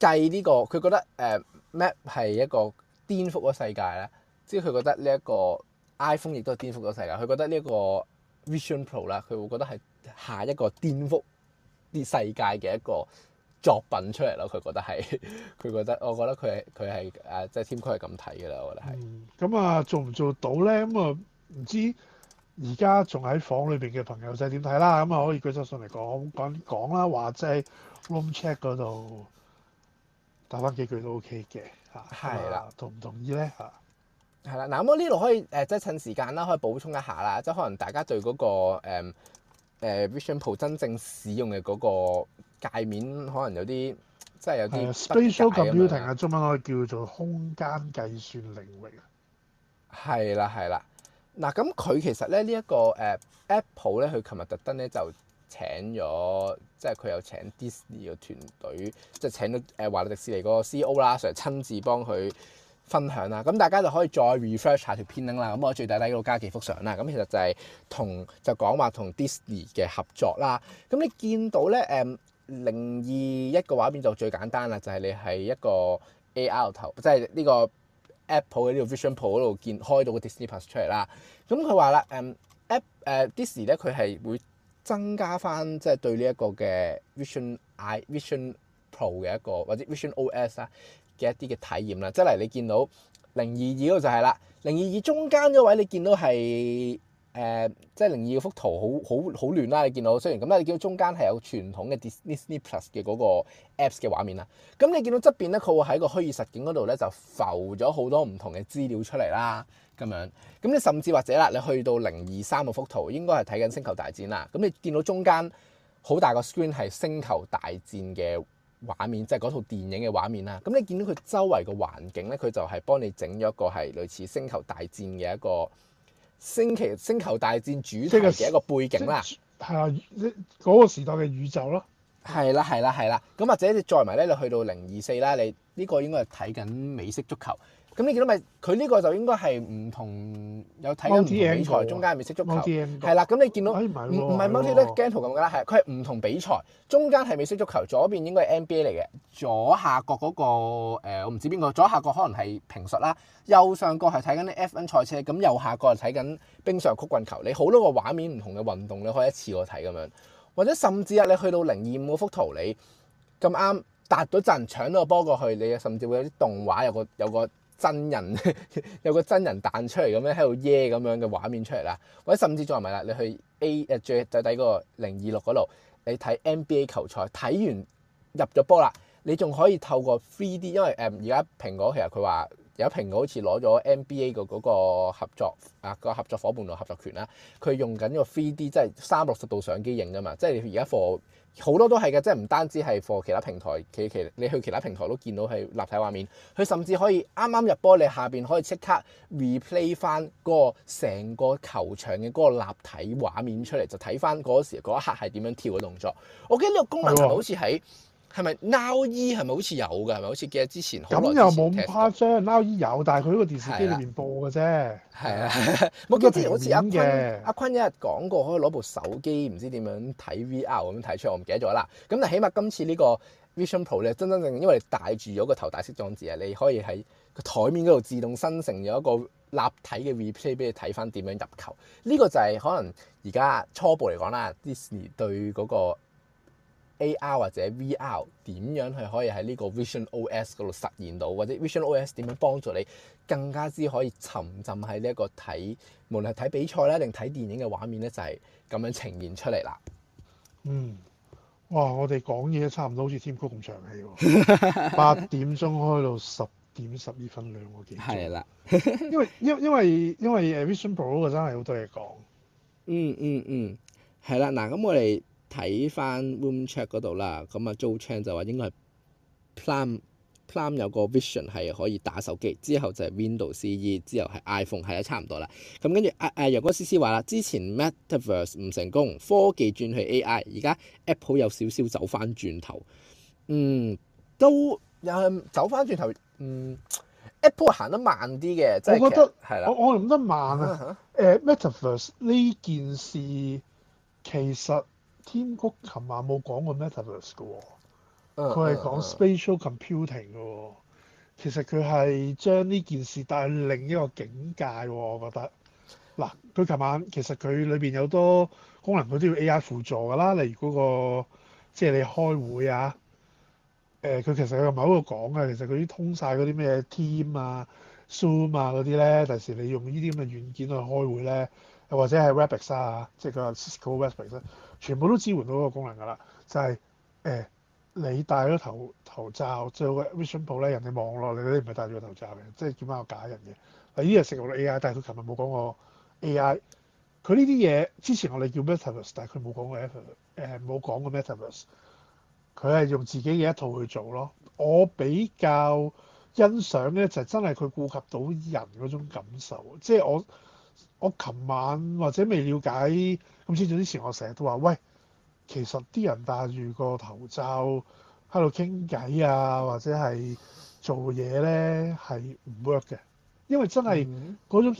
計呢、呢個佢覺得誒，Mac 係一個顛覆咗世界咧。即係佢覺得呢一個 iPhone 亦都係顛覆咗世界。佢覺得呢一個，個 Vision Pro 咧，佢會覺得係下一個顛覆啲世界嘅一個作品出嚟咯。佢覺得係，佢覺得我覺得佢係佢係誒，即係 Tim Cook 係咁睇嘅啦。我覺得係咁啊，就是嗯、做唔做到咧？咁啊，唔知而家仲喺房裏邊嘅朋友仔點睇啦？咁啊，可以舉手上嚟講講講啦。話即係 Room Check 嗰度。打翻幾句都 OK 嘅嚇，係啦，同唔同意咧嚇？係啦，嗱咁我呢度可以誒，即係趁時間啦，可以補充一下啦，即係可能大家對嗰個誒誒 Vision Pro 真正使用嘅嗰個界面，可能有啲即係有啲 special 嘅表達啊，中文可以叫做空間計算領域啊。係啦，係啦，嗱咁佢其實咧呢一個誒 Apple 咧，佢琴日特登咧就。請咗即係佢有請 Disney 個團隊，即係請咗誒華納迪士尼嗰個 CEO 啦，成日親自幫佢分享啦。咁大家就可以再 refresh 下條片啦。咁我最底底嗰加幾幅相啦。咁其實就係同就講話同 Disney 嘅合作啦。咁你見到咧誒零二一個畫面就最簡單啦，就係、是、你係一個 A.R. 頭，即係呢個 Apple 嘅呢個 Vision Pro 度見開到個 Disney Plus 出嚟啦。咁佢話啦誒 App 誒 Disney 咧，佢係會。增加翻即係對呢一個嘅 Vision I、Vision Pro 嘅一個或者 Vision OS 啦嘅一啲嘅體驗啦，即係例如你見到零二二嗰就係啦，零二二中間嗰位你見到係誒，即係零二嘅幅圖好好好亂啦，你見到雖然咁啦，你見到中間係有傳統嘅 Disney Plus 嘅嗰個 Apps 嘅畫面啦，咁你見到側邊咧佢會喺個虛擬實境嗰度咧就浮咗好多唔同嘅資料出嚟啦。咁樣，咁你甚至或者啦，你去到零二三嗰幅圖，應該係睇緊星球大戰啦。咁你見到中間好大個 screen 係星球大戰嘅畫面，即係嗰套電影嘅畫面啦。咁你見到佢周圍嘅環境呢，佢就係幫你整咗個係類似星球大戰嘅一個星期星球大戰主題嘅一個背景啦。係啊，嗰、那個時代嘅宇宙咯。係啦，係啦，係啦。咁或者你再埋呢，你去到零二四啦，你、這、呢個應該係睇緊美式足球。咁你見到咪佢呢個就應該係唔同有睇緊唔同比賽，中間係美式足球？係啦、嗯，咁你見到唔 Multi 唔係貓頭鷹圖咁噶啦，係佢係唔同比賽，中間係美式足球，左邊應該係 NBA 嚟嘅，左下角嗰、那個、呃、我唔知邊個，左下角可能係評述啦，右上角係睇緊 F1 賽車，咁右下角係睇緊冰上曲棍球，你好多個畫面唔同嘅運動，你可以一次過睇咁樣，或者甚至係、啊、你去到零二五幅圖，你咁啱達咗陣搶到個波過去，你甚至會有啲動畫有個有個。有個有個真人 (laughs) 有個真人彈出嚟咁樣喺度耶，咁樣嘅畫面出嚟啦，或者甚至再唔係啦，你去 A 誒最底底嗰個零二六嗰度，你睇 NBA 球賽，睇完入咗波啦，你仲可以透過 3D 因為誒而家蘋果其實佢話。有蘋果好似攞咗 NBA 嘅嗰個合作啊，個合作夥伴同合作權啦，佢用緊呢個 3D 即係三六十度相機影噶嘛，即係而家 for 好多都係嘅，即係唔單止係 for 其他平台，其其你去其他平台都見到係立體畫面，佢甚至可以啱啱入波，你下邊可以即刻 replay 翻嗰個成個球場嘅嗰個立體畫面出嚟，就睇翻嗰時嗰一刻係點樣跳嘅動作。我記得呢個功能好似喺。係咪 Now E 係咪好似有㗎？係咪好似記得之前好耐先踢？咁又冇咁誇張，Now E 有，但係佢呢個電視機裡面播嘅啫。係啊的，冇咁之類咁嘅。阿坤阿坤一日講過可以攞部手機，唔知點樣睇 VR 咁睇出，我唔記得咗啦。咁但係起碼今次個 Pro 呢個 Vision Pro 咧，真真正正因為你戴帶住咗個頭戴式裝置啊，你可以喺個台面嗰度自動生成咗一個立體嘅 replay 俾你睇返點樣入球。呢、這個就係可能而家初步嚟講啦，Disney 對嗰、那個。AR 或者 VR 點樣去可以喺呢個 visionOS 嗰度實現到，或者 visionOS 點樣幫助你更加之可以沉浸喺呢一個睇，無論係睇比賽啦，定睇電影嘅畫面咧，就係、是、咁樣呈現出嚟啦。嗯，哇！我哋講嘢差唔多好似天谷咁長氣喎、啊，八 (laughs) 點鐘開到十點十二分兩個鍾。係啦， (laughs) 因為因因為因為誒 Vision Pro 嗰個真係好多嘢講、嗯。嗯嗯嗯，係、嗯、啦，嗱咁我哋。睇翻 Room Chat 嗰度啦，咁啊 Jo Chan 就話應該係 Plan Plan 有個 Vision 係可以打手機，之後就係 Windows CE，之後係 iPhone，係啦差唔多啦。咁跟住阿阿楊哥思思話啦，之前 Metaverse 唔成功，科技轉去 AI，而家 Apple 有少少走翻轉頭。嗯，都又係走翻轉頭。嗯，Apple 行得慢啲嘅，即係我覺得係啦，我我諗得慢啊。誒，Metaverse 呢件事其實。Huh. Uh huh. Tim Cook 琴晚冇講過 Metaverse 嘅喎、哦，佢係講 Spatial Computing 嘅喎、哦。Uh, uh, uh. 其實佢係將呢件事帶去另一個境界喎、哦，我覺得。嗱，佢琴晚其實佢裏邊有多功能，佢都要 AI 輔助㗎啦。例如嗰、那個即係你開會啊，誒、呃，佢其實佢唔喺度講啊。其實佢啲通晒嗰啲咩 Team 啊、Zoom 啊嗰啲咧，第時你用呢啲咁嘅軟件去開會咧，或者係 Webex 啊，即係佢話 Cisco Webex 咧、啊，全部都支援到嗰個功能㗎啦，就係、是、誒、欸、你戴咗頭頭罩，即係 vision 捕咧，人哋望落你，嗰啲唔係戴住個頭罩嘅，即係叫解個假人嘅。嗱呢啲係涉及到 AI，但係佢琴日冇講過 AI。佢呢啲嘢之前我哋叫 metaverse，但係佢冇講個 e v 冇講個 metaverse。佢、欸、係用自己嘅一套去做咯。我比較欣賞咧，就係真係佢顧及到人嗰種感受，即係我。我琴晚或者未了解咁先。早之前，我成日都話：喂，其實啲人戴住個頭罩喺度傾偈啊，或者係做嘢咧，係唔 work 嘅，因為真係嗰種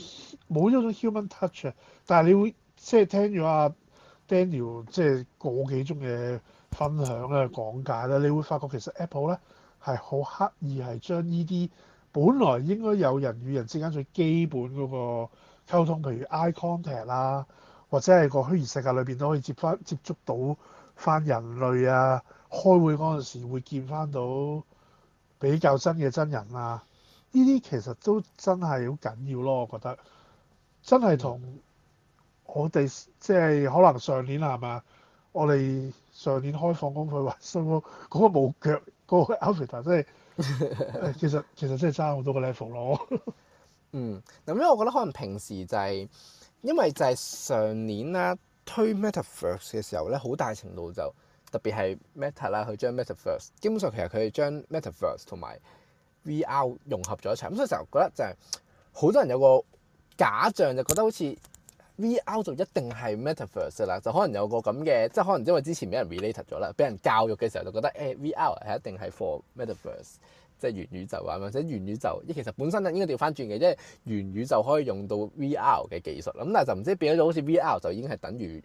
冇咗、mm hmm. 嗰種 human touch。但係你會即係聽咗阿、啊、Daniel 即係個幾鐘嘅分享咧、啊、講解咧、啊，你會發覺其實 Apple 咧係好刻意係將呢啲本來應該有人與人之間最基本嗰、嗰個，溝通，譬如 eye contact 啦，或者係個虛擬世界裏邊都可以接翻接觸到翻人類啊。開會嗰陣時會見翻到比較真嘅真人啊，呢啲其實都真係好緊要咯。我覺得真係同我哋即係可能上年啦，係嘛？我哋上年開放公眾話，嗰、嗰個嗰、嗰個冇腳嗰個 Avatar，即係其實其實真係爭好多個 level 咯。嗯，咁因為我覺得可能平時就係、是，因為就係上年啦推 Metaverse 嘅時候咧，好大程度就特別係 Meta 啦，佢將 Metaverse 基本上其實佢哋將 Metaverse 同埋 VR 融合咗一齊，咁所以時候覺得就係、是、好多人有個假象就覺得好似 VR 就一定係 Metaverse 啦，就可能有個咁嘅，即係可能因為之前俾人 relate 咗啦，俾人教育嘅時候就覺得誒、哎、VR 係一定係 for Metaverse。即係元宇宙啊，或者元宇宙，其實本身咧應該調翻轉嘅，即係元宇宙可以用到 VR 嘅技術，咁但係就唔知變咗好似 VR 就已經係等於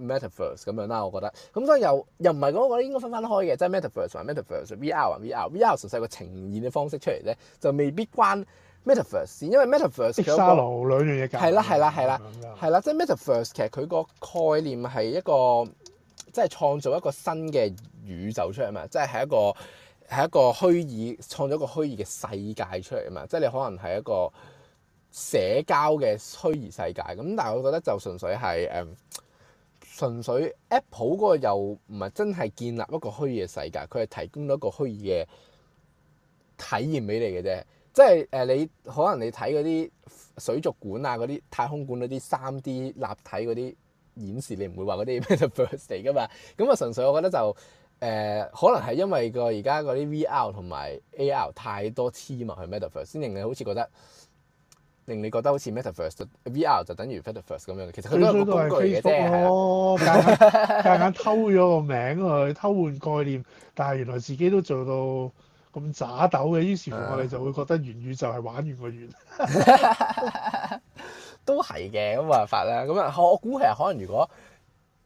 Metaverse 咁樣啦。我覺得咁所以又又唔係我覺得應該分翻開嘅，即係 Metaverse 同埋 Metaverse，VR 同 VR。VR 純粹係個呈現嘅方式出嚟咧，就未必關 Metaverse，因為 Metaverse 佢一個兩樣嘢夾。係啦，係啦，係啦，係啦，即係 Metaverse 其實佢個概念係一個即係創造一個新嘅宇宙出嚟嘛，即係係一個。係一個虛擬，創咗個虛擬嘅世界出嚟啊嘛！即係你可能係一個社交嘅虛擬世界咁，但係我覺得就純粹係誒、嗯，純粹 Apple 嗰個又唔係真係建立一個虛擬嘅世界，佢係提供咗一個虛擬嘅體驗俾你嘅啫。即係誒，你可能你睇嗰啲水族館啊、嗰啲太空館嗰啲三 D 立體嗰啲演示，你唔會話嗰啲咩 first 嚟噶嘛。咁啊，純粹我覺得就～誒、呃、可能係因為個而家嗰啲 VR 同埋 AR 太多 team 落去 MetaVerse 先令你好似覺得，令你覺得好似 MetaVerse VR 就等於 MetaVerse 咁樣。其實佢都係 Facebook 夾硬偷咗個名佢，偷換概念。但係原來自己都做到咁渣鬥嘅，於是乎我哋就會覺得元宇宙就係玩完個元，啊、 (laughs) 都係嘅咁嘅法啦。咁啊，我估其實可能如果。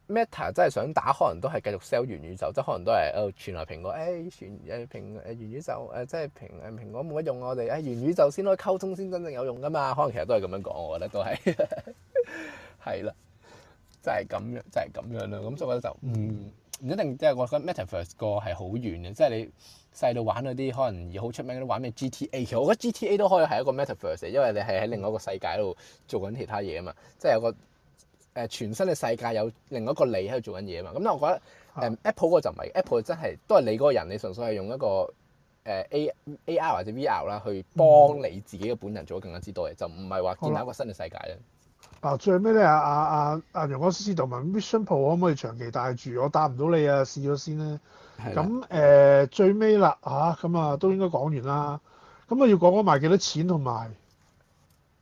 Meta 真係想打，可能都係繼續 sell 元宇宙，即係可能都係喺度傳話蘋果，誒傳誒蘋誒、哎、元宇宙，誒即係蘋誒蘋果冇乜用，我哋喺元宇宙先可以溝通，先真正有用噶嘛。可能其實都係咁樣講，我覺得都係，係 (laughs) 啦，就係咁樣，就係咁樣咯。咁所以覺得就唔唔一定，嗯嗯、即係我覺得 Metaverse 個係好遠嘅，即係你細到玩嗰啲可能而好出名嗰玩咩 GTA，其實我覺得 GTA 都可以係一個 Metaverse，因為你係喺另外一個世界度做緊其他嘢啊嘛，即係有個。誒全新嘅世界有另一個你喺度做緊嘢啊嘛，咁我覺得誒 App Apple 嗰就唔係，Apple 真係都係你嗰個人，你純粹係用一個誒 A A R 或者 V R 啦，去幫你自己嘅本人做得更加之多嘅，嗯、就唔係話建立一個新嘅世界咧。嗱、嗯、最尾咧，阿阿阿阿楊哥思思同埋 Vision Pro 可唔可以長期戴住？我答唔到你試是的、呃、啊，試咗先咧。咁誒最尾啦嚇，咁啊都應該講完啦。咁啊要講講埋幾多錢同埋。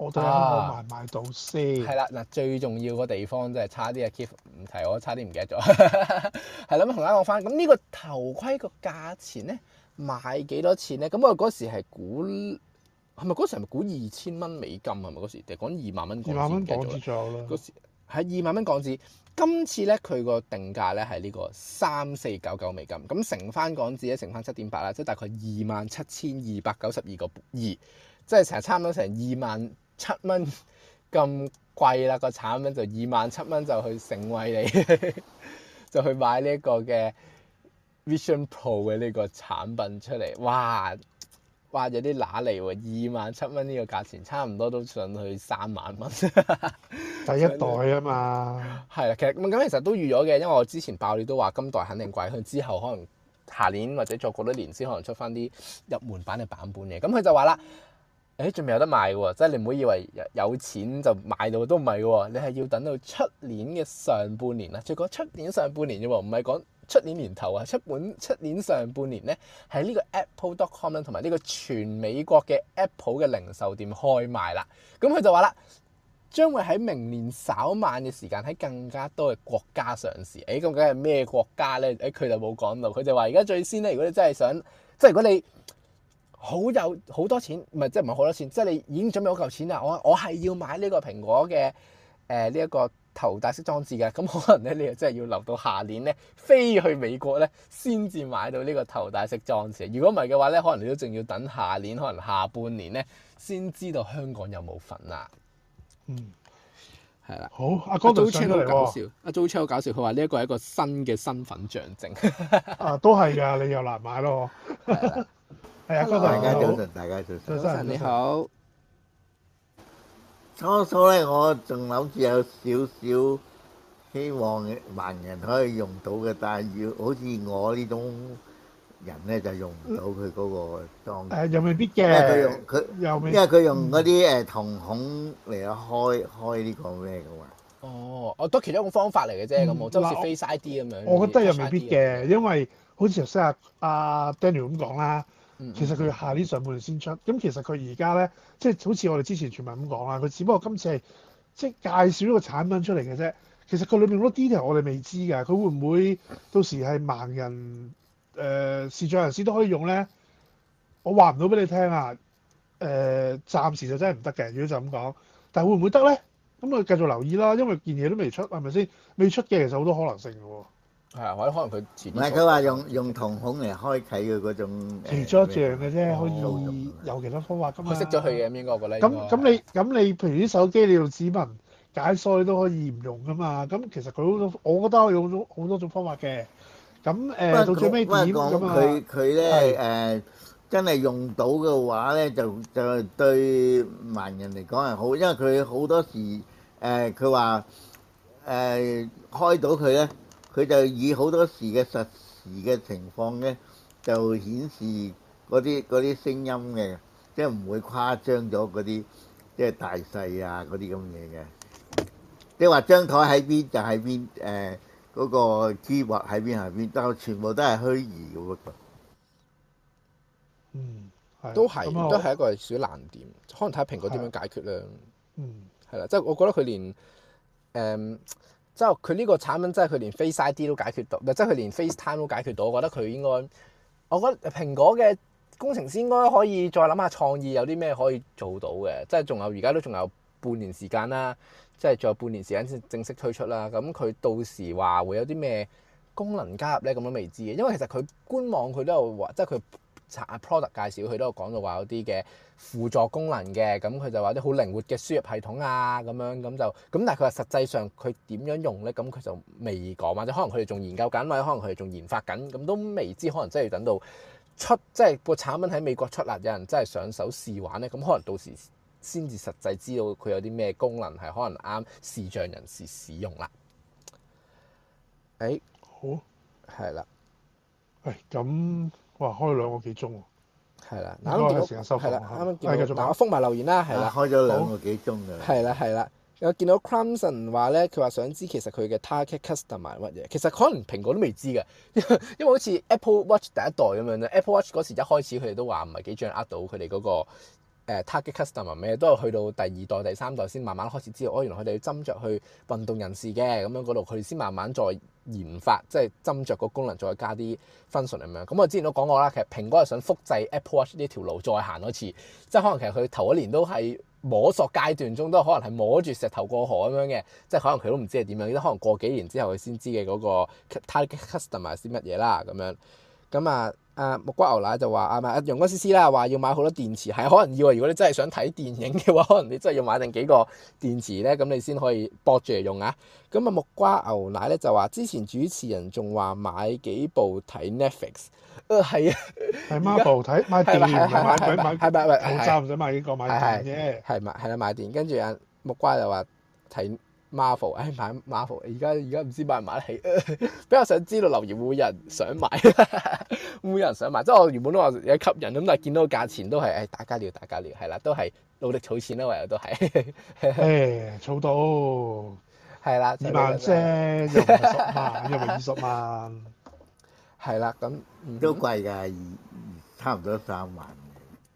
我睇下可唔可買到先。係啦、啊，嗱，最重要個地方即係差啲啊 Kip 唔提我，差 (laughs) 我差啲唔記得咗。係啦，咁同大家講翻，咁呢個頭盔個價錢咧，賣幾多錢咧？咁我嗰時係估係咪嗰時係咪估二千蚊美金？係咪嗰時定講二萬蚊港紙？二萬蚊港紙就有嗰時係二萬蚊港紙，今次咧佢個定價咧係呢個三四九九美金，咁乘翻港紙咧乘翻七點八啦，即係大概二萬七千二百九十二個二，即係成差唔多成二萬七蚊咁貴啦，個產品就二萬七蚊就去成為你， (laughs) 就去買呢一個嘅 Vision Pro 嘅呢個產品出嚟，哇哇有啲揦脷喎！二萬七蚊呢個價錢，差唔多都上去三萬蚊。 (laughs) 第一代啊嘛，係啦， (laughs) 其實咁咁其實都預咗嘅，因為我之前爆料都話今代肯定貴，佢之後可能下年或者再過多年先可能出翻啲入門版嘅版本嘅，咁佢就話啦。誒仲未有得賣嘅喎，即係你唔好以為有錢就買到，都唔係喎。你係要等到出年嘅上半年啦，就講出年上半年啫喎，唔係講出年年頭啊。出本出年上半年呢，喺呢個 Apple.com 同埋呢個全美國嘅 Apple 嘅零售店開賣啦。咁佢就話啦，將會喺明年稍晚嘅時間喺更加多嘅國家上市。誒、哎，咁梗係咩國家呢？誒、哎，佢就冇講到，佢就話而家最先呢，如果你真係想，即係如果你。好有好多錢，唔係即係唔係好多錢，即係你已經準備好嚿錢啦。我我係要買呢個蘋果嘅誒呢一個頭戴式裝置嘅，咁可能咧你又真係要留到下年咧飛去美國咧先至買到呢個頭戴式裝置。如果唔係嘅話咧，可能你都仲要等下年，可能下半年咧先知道香港有冇份啦、啊。嗯，係啦。好，阿、啊、哥，哥就上到嚟喎、啊，阿周青好搞笑，佢話呢一個係一個新嘅身份象徵。 (laughs) 啊，都係㗎，你又難買咯。 (laughs) (laughs) 啊！大家早晨，大家早晨，早晨你好。初初咧，我仲諗住有少少希望盲人可以用到嘅，但係要好似我呢種人咧，就用唔到佢嗰個裝。誒，又未必嘅。因為佢用佢，因為佢用嗰啲誒瞳孔嚟開開呢個咩嘅嘛。哦，我都其中一個方法嚟嘅啫，咁我即係 Face ID 咁樣。我覺得又未必嘅，因為好似頭先阿阿 Daniel 咁講啦。嗯嗯嗯、其實佢下年上半年先出，咁其實佢而家咧，即、就、係、是、好似我哋之前傳聞咁講啦，佢只不過今次係即係介紹一個產品出嚟嘅啫。其實佢裏面好多 detail 我哋未知㗎，佢會唔會到時係盲人誒、呃、視障人士都可以用咧？我話唔到俾你聽啊！誒、呃，暫時就真係唔得嘅，如果就咁講，但係會唔會得咧？咁我繼續留意啦，因為件嘢都未出，係咪先？未出嘅其實好多可能性㗎喎。係，或者可能佢唔係佢話用用瞳孔嚟開啓嘅嗰種。其中一樣嘅啫，可以有其他方法噶嘛。佢識咗佢嘅應該個咧。咁咁你咁你譬如啲手機你用指紋解鎖，你都可以唔用噶嘛。咁其實佢好多，我覺得可以用好多種方法嘅。咁誒，到最尾點咁啊？不過講佢佢咧誒，真係用到嘅話咧，就就對盲人嚟講係好，因為佢好多時誒佢話誒開到佢咧，佢就以好多時嘅實時嘅情況咧，就顯示嗰啲嗰啲聲音嘅，即係唔會誇張咗嗰啲，即係大細啊嗰啲咁嘢嘅。即係話張台喺邊就喺邊，誒嗰個珠畫喺邊係邊，但、呃那個呃、全部都係虛擬嘅喎。嗯，都係是都係一個小難點，可能睇下蘋果點樣解決啦。嗯，係啦，即係我覺得佢連誒。嗯即係佢呢個產品，即係佢連 Face ID 都解決到，即係佢連 FaceTime 都解決到。我覺得佢應該，我覺得蘋果嘅工程師應該可以再諗下創意，有啲咩可以做到嘅。即係仲有而家都仲有半年時間啦，即係仲有半年時間先正式推出啦。咁佢到時話會有啲咩功能加入呢？咁都未知嘅。因為其實佢官網佢都有話，即係佢。啊、product 介紹，佢都有講到話有啲嘅輔助功能嘅，咁佢就話啲好靈活嘅輸入系統啊，咁樣咁就咁，但係佢話實際上佢點樣用呢？咁佢就未講，或者可能佢哋仲研究緊，或者可能佢哋仲研發緊，咁都未知，可能真係要等到出，即係、這個產品喺美國出啦，有人真係上手試玩呢。咁可能到時先至實際知道佢有啲咩功能係可能啱視障人士使用啦。誒、哎，好，係啦的，誒咁、哎。哇！開兩個幾鐘喎、啊，係啦，啱啱見到，係啦的，啱啱見到，嗱我覆埋留言啦、啊，係啦的，開咗兩個幾鐘嘅，係啦係啦，有見到 Cramson 話咧，佢話想知其實佢嘅 target customer 係乜嘢，其實可能蘋果都未知嘅， (laughs) 因為好似 Apple Watch 第一代咁樣咧，Apple Watch 嗰時一開始佢哋都話唔係幾掌握到佢哋嗰個。誒 target customer 咩都係去到第二代、第三代先慢慢開始知道，哦，原來佢哋斟酌去運動人士嘅咁樣嗰度，佢先慢慢再研發，即係斟酌個功能再加啲 function 咁樣。咁我之前都講過啦，其實蘋果係想複製 Apple Watch 呢條路再行多次，即係可能其實佢頭一年都係摸索階段中，都可能係摸住石頭過河咁樣嘅，即係可能佢都唔知係點樣，而可能過幾年之後佢先知嘅嗰個 target customer 係啲乜嘢啦咁樣。咁啊～啊木瓜牛奶就話啊嘛用嗰 C C 啦，話要買好多電池，係可能要。如果你真係想睇電影嘅話，可能你真係要買定幾個電池咧，咁你先可以駁住嚟用啊。咁啊木瓜牛奶咧就話，之前主持人仲話買幾部睇 Netflix。啊係啊，係買部睇，買電池唔使買，係咪？唔使買幾個買電係買係啦買電。跟住啊木瓜就話睇。Marvel，誒、哎、買 Marvel，而家而家唔知買唔買得起。比較想知道留言會有人想買呵呵，會有人想買。即係我原本都話有吸引，咁但係見到價錢都係誒、哎、打價了，打價了，係啦，都係努力儲錢啦，唯有都係。誒儲到，係啦的，二萬啫，又唔係十萬，又唔係二十萬。係啦， (laughs) 咁、嗯、都貴㗎，差唔多三萬。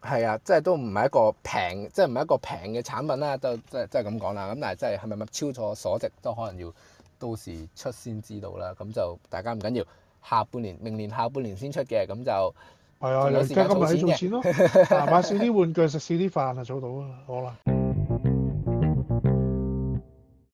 係啊，即係都唔係一個平，即係唔係一個平嘅產品啦，都即係即係咁講啦。咁但係即係係咪物超所值都可能要到時出先知道啦。咁就大家唔緊要，下半年明年下半年先出嘅，咁就係啊，你而家咁咪係做錢咯？買少啲玩具，食少啲飯啊，就做到啊，好啦。